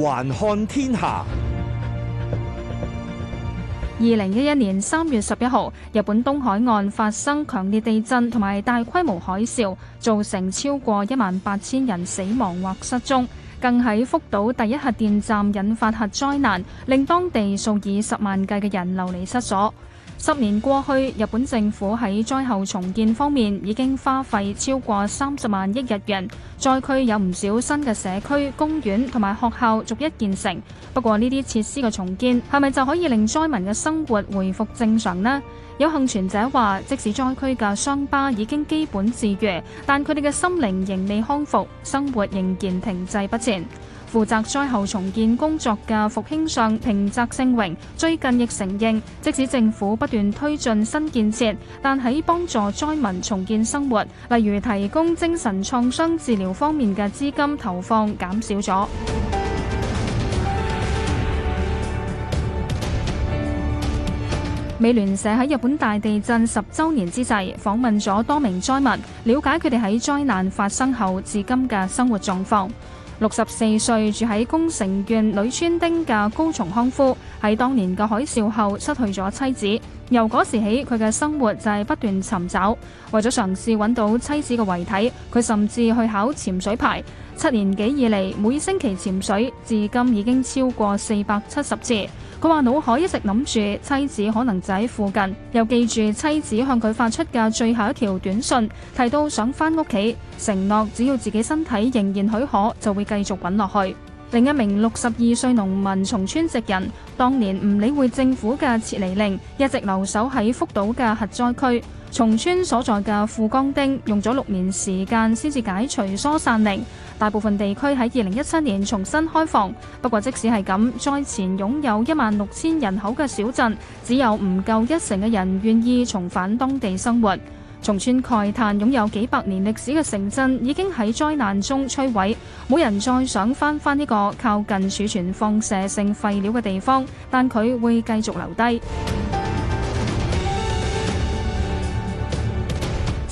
環看天下。二零一一年三月十一號，日本東海岸發生強烈地震同埋大規模海嘯，造成超過一萬八千人死亡或失蹤，更喺福島第一核電站引發核災難，令當地數以十萬計嘅人流離失所。十年過去，日本政府喺災後重建方面已經花費超過三十萬億日元。災區有唔少新嘅社區、公園同埋學校逐一建成。不過呢啲設施嘅重建係咪就可以令災民嘅生活回復正常呢？有幸存者話，即使災區嘅傷疤已經基本治癒，但佢哋嘅心靈仍未康復，生活仍然停滯不前。負責災後重建工作嘅復興相平澤勝榮最近亦承認，即使政府不斷推進新建設，但喺幫助災民重建生活，例如提供精神創傷治療方面嘅資金投放減少咗。 美聯社喺日本大地震十周年之際，訪問咗多名災民，了解佢哋喺災難發生後至今嘅生活狀況。六十四歲住喺宮城縣女川町嘅高松康夫喺當年嘅海嘯後失去咗妻子，由嗰時起佢嘅生活就係不斷尋找，為咗嘗試揾到妻子嘅遺體，佢甚至去考潛水牌。七年幾以嚟，每星期潛水，至今已經超過四百七十次。佢話腦海一直諗住妻子可能就喺附近，又記住妻子向佢發出嘅最後一條短信，提到想翻屋企，承諾只要自己身體仍然許可，就會繼續揾落去。另一名六十二歲農民松村籍人，當年唔理會政府嘅撤離令，一直留守喺福島嘅核災區。松村所在嘅富岡町用咗六年時間先至解除疏散令。大部分地區喺二零一七年重新開放，不過即使係咁，災前擁有一萬六千人口嘅小鎮，只有唔夠一成嘅人願意重返當地生活。重村慨嘆，擁有幾百年歷史嘅城鎮已經喺災難中摧毀，冇人再想返返呢個靠近儲存放射性廢料嘅地方，但佢會繼續留低。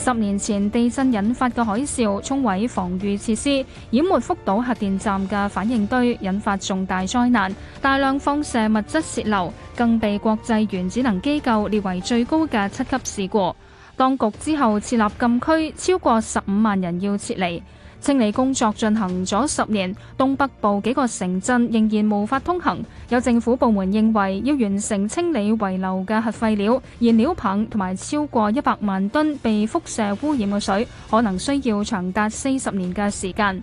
十年前地震引發嘅海嘯沖毀防禦設施，淹沒福島核電站嘅反應堆，引發重大災難，大量放射物質洩漏，更被國際原子能機構列為最高嘅七級事故。當局之後設立禁區，超過十五萬人要撤離。清理工作進行咗十年，東北部幾個城鎮仍然無法通行。有政府部門認為，要完成清理遺留嘅核廢料、燃料棒同埋超過一百萬噸被輻射污染嘅水，可能需要長達四十年嘅時間。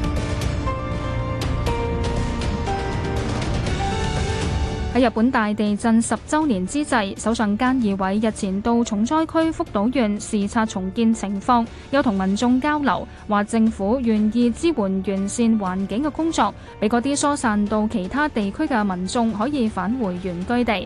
喺日本大地震十周年之際，首相菅義偉日前到重災區福島縣視察重建情況，又同民眾交流，話政府願意支援完善環境嘅工作，俾嗰啲疏散到其他地區嘅民眾可以返回原居地。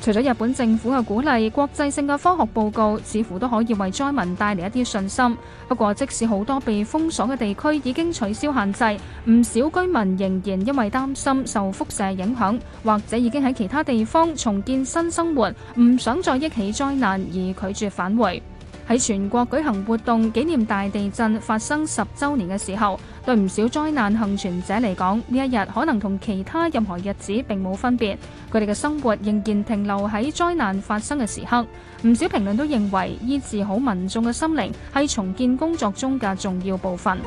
除咗日本政府嘅鼓勵，國際性嘅科學報告似乎都可以為災民帶嚟一啲信心。不過，即使好多被封鎖嘅地區已經取消限制，唔少居民仍然因為擔心受輻射影響，或者已經喺其他地方重建新生活，唔想再憶起災難而拒絕返回。喺全國舉行活動紀念大地震發生十周年嘅時候，對唔少災難幸存者嚟講，呢一日可能同其他任何日子並冇分別。佢哋嘅生活仍然停留喺災難發生嘅時刻。唔少評論都認為，醫治好民眾嘅心靈係重建工作中嘅重要部分。